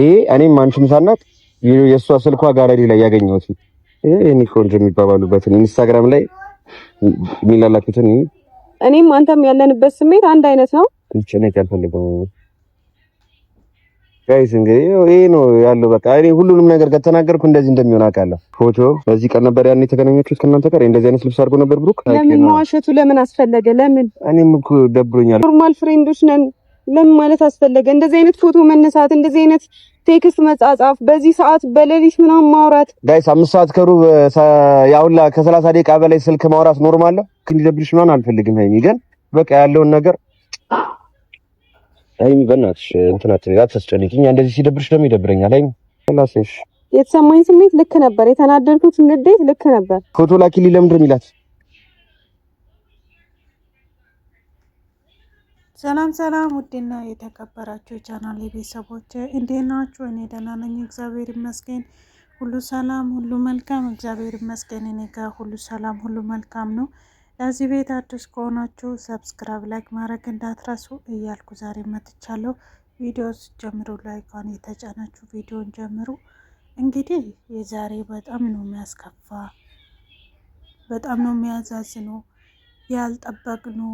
ይሄ እኔም አንቺም ሳናት የእሷ ስልኳ ጋለሪ ላይ ያገኘሁት ይሄ ቆንጆ የሚባባሉበትን ኢንስታግራም ላይ የሚላላኩትን እኔም አንተም ያለንበት ስሜት አንድ አይነት ነው። ጭነት ያልፈልገው ጋይስ እንግዲህ ይሄ ነው ያለው። በቃ እኔ ሁሉንም ነገር ከተናገርኩ እንደዚህ እንደሚሆን አውቃለሁ። ፎቶ በዚህ ቀን ነበር ያኔ የተገናኛችሁት ከእናንተ ጋር እንደዚህ አይነት ልብስ አድርጎ ነበር ብሩክ። ለምን መዋሸቱ ለምን አስፈለገ? ለምን እኔም እኮ ደብሮኛል። ኖርማል ፍሬንዶች ነን። ለምን ማለት አስፈለገ? እንደዚህ አይነት ፎቶ መነሳት፣ እንደዚህ አይነት ቴክስት መጻጻፍ፣ በዚህ ሰዓት በሌሊት ምናምን ማውራት። ጋይስ አምስት ሰዓት ከሩብ ያውላ ከሰላሳ ደቂቃ በላይ ስልክ ማውራት ኖርማል ነው። እንዲደብርሽ ምናምን አልፈልግም። ሀይሚ ግን በቃ ያለውን ነገር ሀይሚ በእናትሽ እንትን አትበይ፣ አታስጨንቂኝ። እንደዚህ ሲደብርሽ ደግሞ ይደብረኛል። ሀይሚ የተሰማኝ ስሜት ልክ ነበር፣ የተናደድኩት ንዴት ልክ ነበር። ፎቶ ላኪልኝ ለምንድን ነው ሰላም ሰላም፣ ውድና የተከበራችሁ የቻናል ቤተሰቦች እንዴት ናችሁ? እኔ ደህና ነኝ፣ እግዚአብሔር ይመስገን። ሁሉ ሰላም፣ ሁሉ መልካም፣ እግዚአብሔር ይመስገን። እኔ ጋር ሁሉ ሰላም፣ ሁሉ መልካም ነው። ለዚህ ቤት አዲስ ከሆናችሁ ሰብስክራብ፣ ላይክ ማድረግ እንዳትረሱ እያልኩ ዛሬ መጥቻለሁ። ቪዲዮ ጀምሩ፣ ላይኳን የተጫናችሁ ቪዲዮን ጀምሩ። እንግዲህ የዛሬ በጣም ነው የሚያስከፋ፣ በጣም ነው የሚያዛዝነው ያልጠበቅነው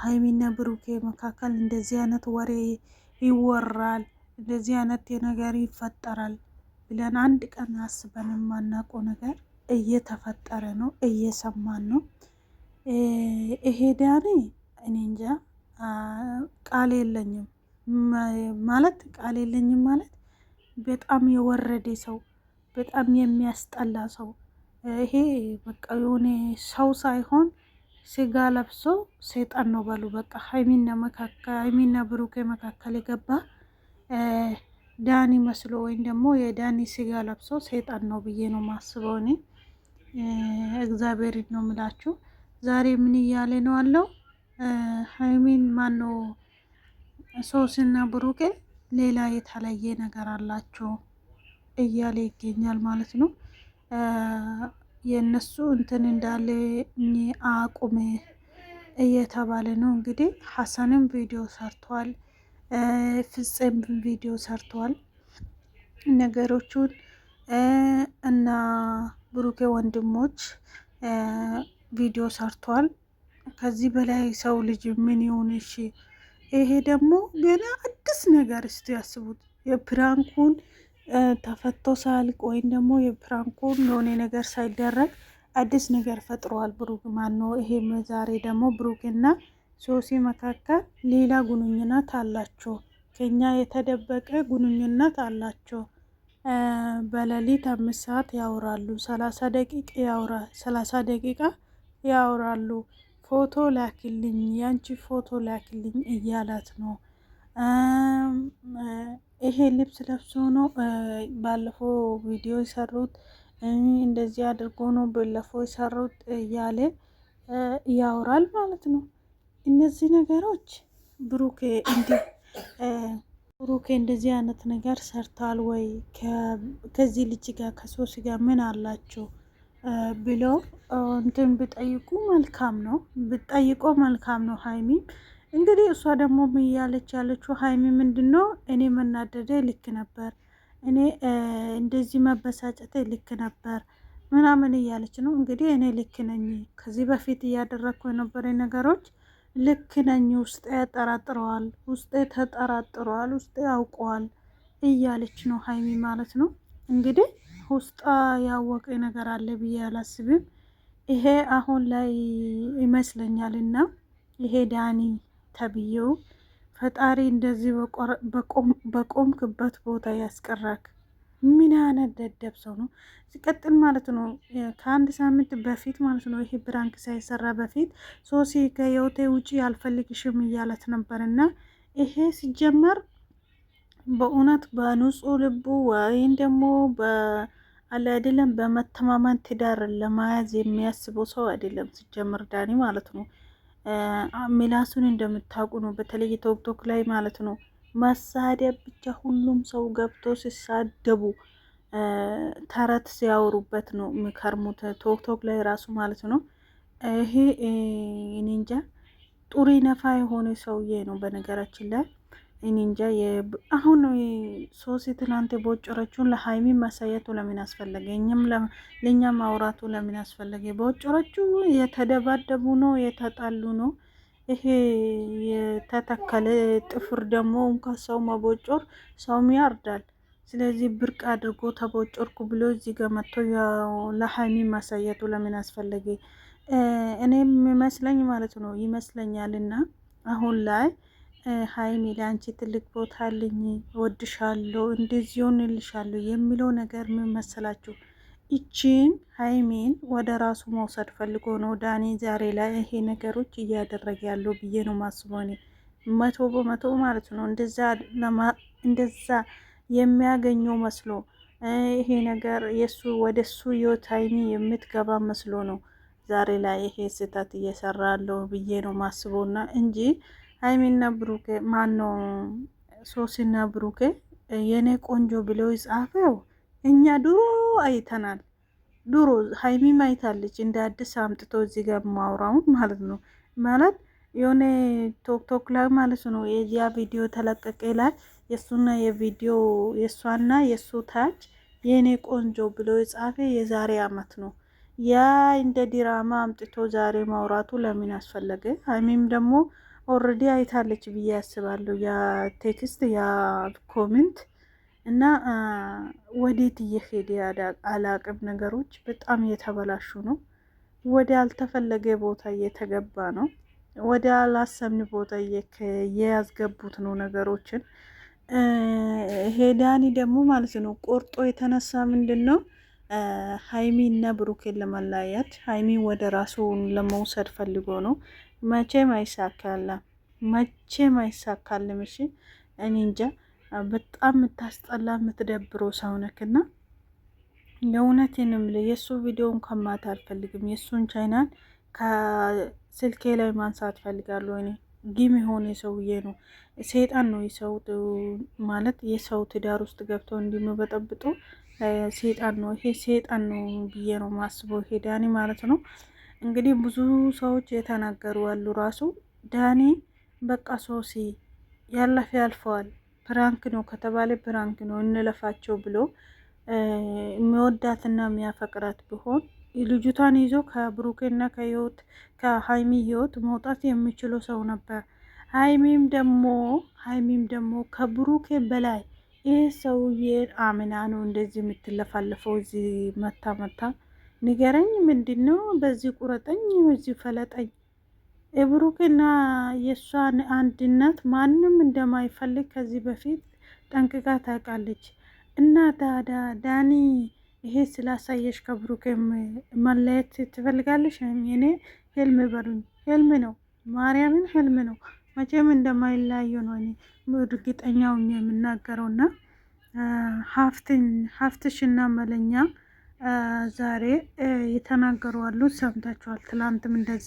ሀይሚና ብሩኬ መካከል እንደዚህ አይነት ወሬ ይወራል፣ እንደዚህ አይነት ነገር ይፈጠራል ብለን አንድ ቀን አስበን የማናውቀው ነገር እየተፈጠረ ነው፣ እየሰማን ነው። ይሄ ዳኔ እኔ እንጃ ቃል የለኝም ማለት ቃል የለኝም ማለት በጣም የወረደ ሰው፣ በጣም የሚያስጠላ ሰው። ይሄ በቃ የሆነ ሰው ሳይሆን ስጋ ለብሶ ሰይጣን ነው በሉ። በቃ ሀይሚና መካከል ሀይሚና ብሩኬ መካከል የገባ ዳኒ መስሎ ወይም ደግሞ የዳኒ ስጋ ለብሶ ሰይጣን ነው ብዬ ነው ማስበው እኔ። እግዚአብሔር ነው ምላችሁ። ዛሬ ምን እያለ ነው አለው ሀይሚን ማኖ ሶስና ብሩቄ ሌላ የተለየ ነገር አላቸው እያለ ይገኛል ማለት ነው። የእነሱ እንትን እንዳለ አቁም እየተባለ ነው እንግዲህ። ሀሰንም ቪዲዮ ሰርተዋል፣ ፍፄም ቪዲዮ ሰርተዋል። ነገሮቹን እና ብሩኬ ወንድሞች ቪዲዮ ሰርተዋል። ከዚህ በላይ ሰው ልጅ ምን ይሁን? እሺ ይሄ ደግሞ ገና አዲስ ነገር እስቲ ያስቡት የፕራንኩን ተፈቶ ሳልቅ ወይም ደግሞ የፕራንኩን የሆነ ነገር ሳይደረግ አዲስ ነገር ፈጥሯል። ብሩክ ማን ነው ይሄ? ዛሬ ደግሞ ብሩክ እና ሶሲ መካከል ሌላ ጉንኙነት አላቸው። ከኛ የተደበቀ ጉንኙነት አላቸው። በሌሊት አምስት ሰዓት ያወራሉ። ሰላሳ ደቂቃ ያወራ ሰላሳ ደቂቃ ያወራሉ። ፎቶ ላክልኝ፣ ያንቺ ፎቶ ላክልኝ እያላት ነው ይሄ ልብስ ለብሶ ነው ባለፈው ቪዲዮ የሰሩት እንደዚህ አድርጎ ነው ባለፈው የሰሩት እያለ ያወራል ማለት ነው። እነዚህ ነገሮች ብሩኬ እንዲ ብሩኬ እንደዚህ አይነት ነገር ሰርታል ወይ ከዚህ ልጅ ጋር ከሶስ ጋር ምን አላቸው ብለው እንትን ብጠይቁ መልካም ነው፣ ብጠይቆ መልካም ነው። ሀይሚም እንግዲህ እሷ ደግሞ እያለች ያለችው ሀይሚ ምንድን ነው እኔ መናደደ ልክ ነበር፣ እኔ እንደዚህ መበሳጨት ልክ ነበር ምናምን እያለች ነው እንግዲህ። እኔ ልክ ነኝ፣ ከዚህ በፊት እያደረግኩ የነበረ ነገሮች ልክ ነኝ፣ ውስጤ ያጠራጥረዋል፣ ውስጤ ተጠራጥረዋል፣ ውስጤ ያውቀዋል እያለች ነው ሀይሚ ማለት ነው እንግዲህ። ውስጣ ያወቀ ነገር አለ ብዬ አላስብም። ይሄ አሁን ላይ ይመስለኛል እና ይሄ ዳኒ ተብዬው ፈጣሪ እንደዚህ በቆምክበት ቦታ ያስቀራክ። ምን አይነት ደደብ ሰው ነው! ሲቀጥል ማለት ነው ከአንድ ሳምንት በፊት ማለት ነው ይሄ ብራንክ ሳይሰራ በፊት ሶሲ ከየውቴ ውጪ ያልፈልግሽም እያለት ነበር እና ይሄ ሲጀመር በእውነት በንጹህ ልቡ ወይም ደግሞ አለ አይደለም በመተማመን ትዳር ለመያዝ የሚያስበው ሰው አይደለም ሲጀመር ዳኒ ማለት ነው። ምላሱን እንደምታውቁ ነው። በተለይ ቶክቶክ ላይ ማለት ነው መሳሪያ ብቻ ሁሉም ሰው ገብቶ ሲሳደቡ ተረት ሲያወሩበት ነው የሚከርሙት። ቶክቶክ ላይ ራሱ ማለት ነው። ይሄ እኔ እንጃ ጡሪ ነፋ የሆነ ሰውዬ ነው በነገራችን ላይ እኔ እንጃ። አሁን ሶሲ ትላንት በወጨረችውን ለሀይሚ ማሳየቱ ለምን አስፈለገ? እኛም ለእኛ ማውራቱ ለምን አስፈለገ? በወጨረችው የተደባደቡ ነው የተጣሉ ነው። ይሄ የተተከለ ጥፍር ደግሞ እንኳ ሰው መቦጮር ሰውም ያርዳል። ስለዚህ ብርቅ አድርጎ ተቦጮርኩ ብሎ እዚህ ጋ መጥቶ ለሀይሚ ማሳየቱ ለምን አስፈለገ? እኔም ይመስለኝ ማለት ነው ይመስለኛልና አሁን ላይ ሀይሚ ለአንቺ ትልቅ ቦታ አለኝ፣ እወድሻለሁ፣ እንደዚህ ሆንልሻለሁ የሚለው ነገር ምን መሰላችሁ? ይቺን ሀይሜን ወደ ራሱ መውሰድ ፈልጎ ነው ዳኒ ዛሬ ላይ ይሄ ነገሮች እያደረገ ያለው ብዬ ነው ማስቦኔ መቶ በመቶ ማለት ነው እንደዛ የሚያገኘው መስሎ ይሄ ነገር የሱ ወደ ሱ ህይወት ሀይሚ የምትገባ መስሎ ነው ዛሬ ላይ ይሄ ስህተት እየሰራ ያለው ብዬ ነው ማስቦና እንጂ ሀይሚና ብሩኬ ማነው ሶሲና ብሩኬ የኔ ቆንጆ ብለው ይጻፈው እኛ ድሮ አይተናል። ድሮ ሀይሚ ማይታለች እንደ አዲስ አምጥቶ እዚህ ጋር ማውራውን ማለት ነው ማለት የሆነ ቶክቶክ ላይ ማለት ነው የዚያ ቪዲዮ ተለቀቀ ላይ የእሱና የቪዲዮ የእሷና የእሱ ታች የእኔ ቆንጆ ብሎ የጻፈ የዛሬ አመት ነው። ያ እንደ ዲራማ አምጥቶ ዛሬ ማውራቱ ለምን አስፈለገ? ሀይሚም ደግሞ ኦልሬዲ አይታለች ብዬ ያስባለሁ። ያ ቴክስት ያ ኮሜንት እና ወዴት እየሄደ አላቅም። ነገሮች በጣም እየተበላሹ ነው። ወደ አልተፈለገ ቦታ እየተገባ ነው። ወደ አላሰብን ቦታ እያስገቡት ነው ነገሮችን። ይሄ ዳኒ ደግሞ ማለት ነው ቆርጦ የተነሳ ምንድን ነው እና ብሩኬን ለመለያየት ሀይሚ ወደ ራሱ ለመውሰድ ፈልጎ ነው። መቼም አይሳካልም፣ መቼም አይሳካልም። እሺ እኔ እንጃ በጣም የምታስጠላ የምትደብሮ ሰው ነክና የእውነቴንም የእሱ ቪዲዮ እንኳን ማየት አልፈልግም። የእሱን ቻይናን ከስልኬ ላይ ማንሳት ፈልጋለሁ። እኔ ጊም የሆነ የሰውዬ ነው፣ ሴጣን ነው። የሰው ማለት የሰው ትዳር ውስጥ ገብተው እንዲመበጠብጡ ሴጣን ነው። ይሄ ሴጣን ነው ብዬ ነው ማስበው፣ ሄዳኒ ማለት ነው። እንግዲህ ብዙ ሰዎች የተናገሩ አሉ። ራሱ ዳኒ በቃ ሶሲ ያለፈ ያልፈዋል፣ ፕራንክ ነው ከተባለ ፕራንክ ነው እንለፋቸው ብሎ የሚወዳትና የሚያፈቅራት ቢሆን ልጅቷን ይዞ ከብሩኬና ከህይወት ከሀይሚ ህይወት መውጣት የሚችለው ሰው ነበር። ሀይሚም ደግሞ ሀይሚም ደግሞ ከብሩኬ በላይ ይህ ሰውዬ አምና ነው እንደዚህ የምትለፋለፈው እዚህ መታ መታ ንገረኝ፣ ምንድን ነው በዚህ ቁረጠኝ፣ በዚህ ፈለጠኝ። የብሩክና የእሷን አንድነት ማንም እንደማይፈልግ ከዚህ በፊት ጠንቅቃ ታውቃለች። እና ታዲያ ዳኒ ይሄ ስላሳየሽ ከብሩክም መለየት ትፈልጋለሽ? እኔ ህልም በሉኝ፣ ህልም ነው፣ ማርያምን ህልም ነው። መቼም እንደማይለያዩ ነው እኔ እርግጠኛው የምናገረውና እና መለኛ ዛሬ የተናገሩ አሉ ሰምታችኋል። ትላንትም እንደዛ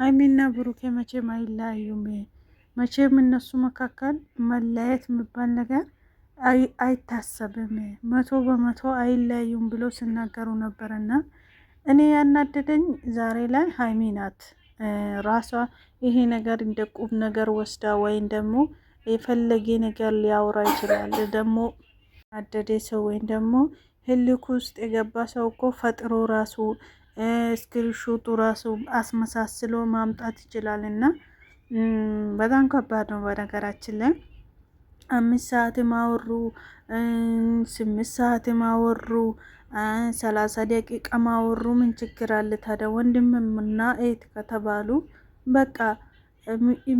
ሀይሚና ብሩኬ መቼም አይለያዩም። መቼም እነሱ መካከል መለያየት የሚባል ነገር አይታሰብም፣ መቶ በመቶ አይለያዩም ብሎ ሲናገሩ ነበርና እኔ ያናደደኝ ዛሬ ላይ ሀይሚ ናት ራሷ ይሄ ነገር እንደ ቁብ ነገር ወስዳ ወይም ደግሞ የፈለጌ ነገር ሊያወራ ይችላል ደግሞ አደደ ሰው ወይም ደግሞ ህልክ ውስጥ የገባ ሰው እኮ ፈጥሮ ራሱ ስክሪንሾቱ ራሱ አስመሳስሎ ማምጣት ይችላል። እና በጣም ከባድ ነው። በነገራችን ላይ አምስት ሰዓት ማወሩ ስምንት ሰዓት ማወሩ ሰላሳ ደቂቃ ማወሩ ምን ችግር አለ ታዲያ? ወንድምምና እህት ከተባሉ በቃ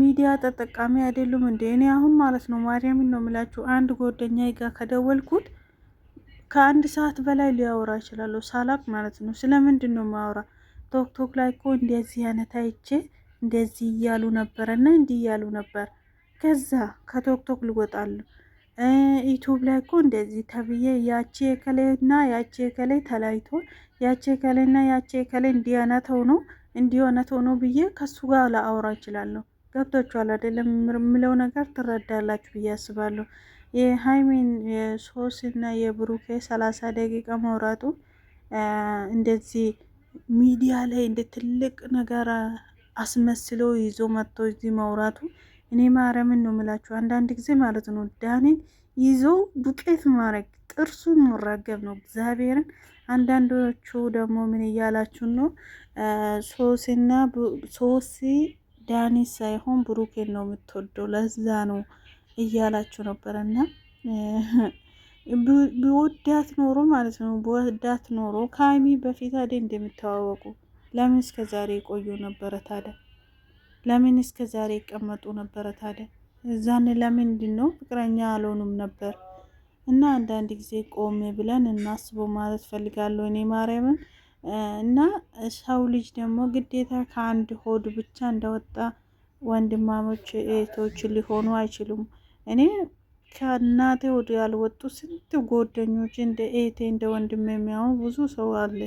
ሚዲያ ተጠቃሚ አይደሉም እንዴ? እኔ አሁን ማለት ነው ማርያምን ነው የምላችሁ አንድ ጓደኛዬ ጋር ከደወልኩት ከአንድ ሰዓት በላይ ሊያወራ ይችላሉ፣ ሳላቅ ማለት ነው። ስለምንድን ነው ማወራ? ቶክቶክ ላይ እኮ እንደዚህ አይነት አይቼ እንደዚህ እያሉ ነበር እና እንዲህ እያሉ ነበር። ከዛ ከቶክቶክ ልወጣሉ። ዩቱብ ላይ እኮ እንደዚህ ተብዬ ያቺ የከሌና ያቺ የከሌ ተለያይቶ ያቺ የከሌና ያቺ የከሌ እንዲህ አይነት ሆኖ እንዲህ አይነት ሆኖ ብዬ ከሱ ጋር ላአውራ ይችላለሁ። ገብቷችኋል አይደለም? የምለው ነገር ትረዳላችሁ ብዬ አስባለሁ። የሀይሚን የሶስ እና የብሩኬ ሰላሳ ደቂቃ መውራቱ እንደዚህ ሚዲያ ላይ እንደ ትልቅ ነገር አስመስሎ ይዞ መጥቶ እዚህ መውራቱ እኔ ማረምን ነው የምላችሁ። አንዳንድ ጊዜ ማለት ነው ዳኔን ይዞ ዱቄት ማድረግ ጥርሱ መራገብ ነው እግዚአብሔርን። አንዳንዶቹ ደግሞ ምን እያላችሁ ነው ሶስና ሶሲ ዳኒ ሳይሆን ብሩኬን ነው የምትወደው ለዛ ነው እያላችሁ ነበረና ቢወዳት ኖሮ ማለት ነው። በወዳት ኖሮ ከሀይሚ በፊት አደ እንደምታዋወቁ ለምን እስከ ዛሬ የቆዩ ነበረ ታዲያ? ለምን እስከ ዛሬ ይቀመጡ ነበረ ታዲያ? እዛን ለምንድን ነው ፍቅረኛ አልሆኑም ነበር? እና አንዳንድ ጊዜ ቆም ብለን እናስበው ማለት ፈልጋለሁ እኔ ማርያምን እና ሰው ልጅ ደግሞ ግዴታ ከአንድ ሆድ ብቻ እንደወጣ ወንድማሞች እህቶች ሊሆኑ አይችሉም። እኔ ከእናቴ ወድ ያልወጡ ስንት ጓደኞች እንደ እህቴ እንደ ወንድም የሚያዩ ብዙ ሰው አለ።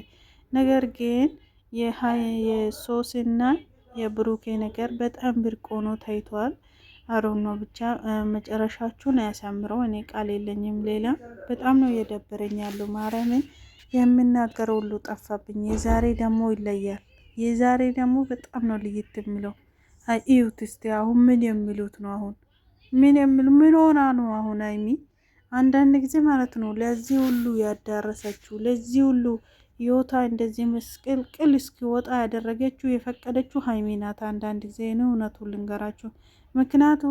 ነገር ግን የሶስና የብሩኬ ነገር በጣም ብርቅ ሆኖ ታይቷል። አሮኖ ብቻ መጨረሻችሁን አያሳምረው። እኔ ቃል የለኝም። ሌላ በጣም ነው እየደበረኝ ያለው ማርያምን የምናገረው ሁሉ ጠፋብኝ። የዛሬ ደግሞ ይለያል። የዛሬ ደግሞ በጣም ነው ልይት የሚለው። እዩት እስቲ አሁን ምን የሚሉት ነው? አሁን ምን የሚሉ ምን ሆና ነው አሁን አይሚ አንዳንድ ጊዜ ማለት ነው ለዚህ ሁሉ ያዳረሰችው ለዚህ ሁሉ ህይወቷ እንደዚህ ምስቅልቅል እስኪወጣ ያደረገችው የፈቀደችው ሀይሚ ናት። አንዳንድ ጊዜ ነው እውነቱ ልንገራችሁ። ምክንያቱ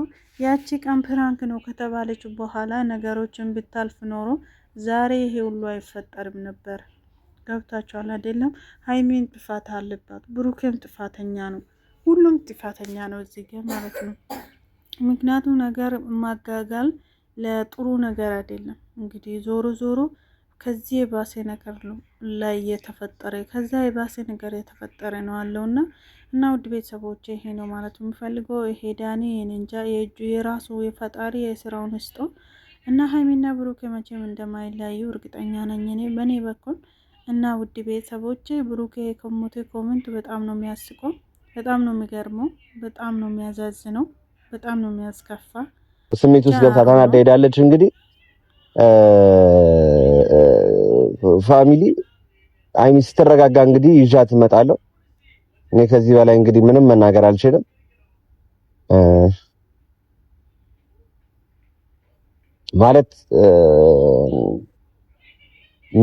ያቺ ቀን ፕራንክ ነው ከተባለች በኋላ ነገሮችን ብታልፍ ኖሮ ዛሬ ይሄ ሁሉ አይፈጠርም ነበር። ገብታችኋል አይደለም? ሀይሜን ጥፋት አለባት፣ ብሩኬም ጥፋተኛ ነው። ሁሉም ጥፋተኛ ነው እዚህ ጋ ማለት ነው። ምክንያቱም ነገር ማጋጋል ለጥሩ ነገር አይደለም። እንግዲህ ዞሮ ዞሮ ከዚህ የባሴ ነገር ላይ የተፈጠረ ከዛ የባሴ ነገር የተፈጠረ ነው አለው እና እና ውድ ቤተሰቦች ይሄ ነው ማለት የምፈልገው። ይሄ ዳኒ እንጃ የእጁ የራሱ የፈጣሪ የስራውን ስጦ እና ሀይሚና ብሩኬ መቼም እንደማይለያዩ እርግጠኛ ነኝ እኔ በእኔ በኩል እና ውድ ቤተሰቦች ብሩኬ የከሙት ኮመንት በጣም ነው የሚያስቆም፣ በጣም ነው የሚገርመው፣ በጣም ነው የሚያዛዝነው፣ በጣም ነው የሚያስከፋ። ስሜት ውስጥ ገብታ ተናዳ ሄዳለች። እንግዲህ ፋሚሊ ሀይሚ ስትረጋጋ እንግዲህ ይዣት እመጣለሁ። እኔ ከዚህ በላይ እንግዲህ ምንም መናገር አልችልም። ማለት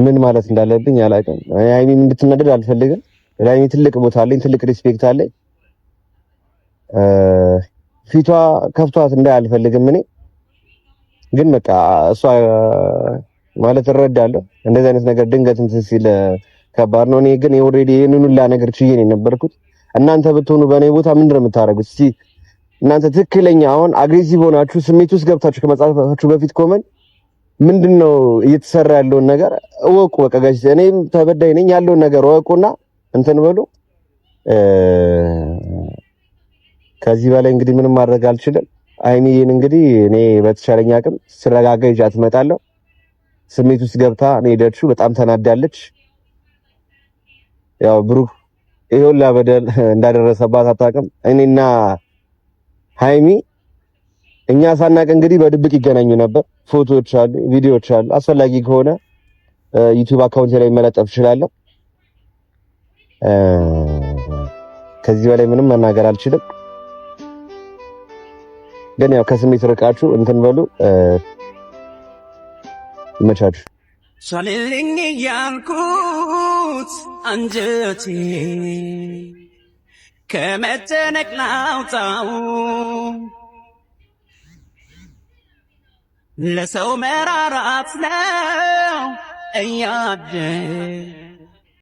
ምን ማለት እንዳለብኝ አላውቅም። ሀይሚ እንድትናደድ አልፈልግም። ለሀይሚ ትልቅ ቦታ አለኝ፣ ትልቅ ሪስፔክት አለኝ። ፊቷ ከፍቷት እንዳይ አልፈልግም። እኔ ግን በቃ እሷ ማለት እረዳለሁ። እንደዚህ አይነት ነገር ድንገት እንትን ሲል ከባድ ነው። እኔ ግን ኦልሬዲ ይሄንን ሁላ ነገር ችዬ ነው የነበርኩት። እናንተ ብትሆኑ በእኔ ቦታ ምንድን ነው የምታደርጉት? እናንተ ትክክለኛ አሁን አግሬሲቭ ሆናችሁ ስሜት ውስጥ ገብታችሁ ከመጻፋችሁ በፊት ኮመን ምንድን ነው እየተሰራ ያለውን ነገር እወቁ። በቃ ጋሽ እኔም ተበዳይ ነኝ ያለውን ነገር እወቁና እንትን በሉ። ከዚህ በላይ እንግዲህ ምንም ማድረግ አልችልም። አይኒን እንግዲህ እኔ በተሻለኝ አቅም ስረጋጋ ይዣት እመጣለሁ። ስሜት ውስጥ ገብታ እኔ ደርሹ በጣም ተናዳለች። ያው ብሩክ ይሄውላ በደል እንዳደረሰባት አታውቅም። እኔና ሀይሚ እኛ ሳናቅ እንግዲህ በድብቅ ይገናኙ ነበር። ፎቶዎች አሉ፣ ቪዲዮዎች አሉ። አስፈላጊ ከሆነ ዩቲዩብ አካውንት ላይ መለጠፍ እችላለሁ። ከዚህ በላይ ምንም መናገር አልችልም። ግን ያው ከስሜት ርቃችሁ እንትን በሉ ይመቻችሁ። ሻልልኝ ያልኩት አንጀቴ ከመጨነቅ ላውጣው ለሰው መራራት ነው እያደ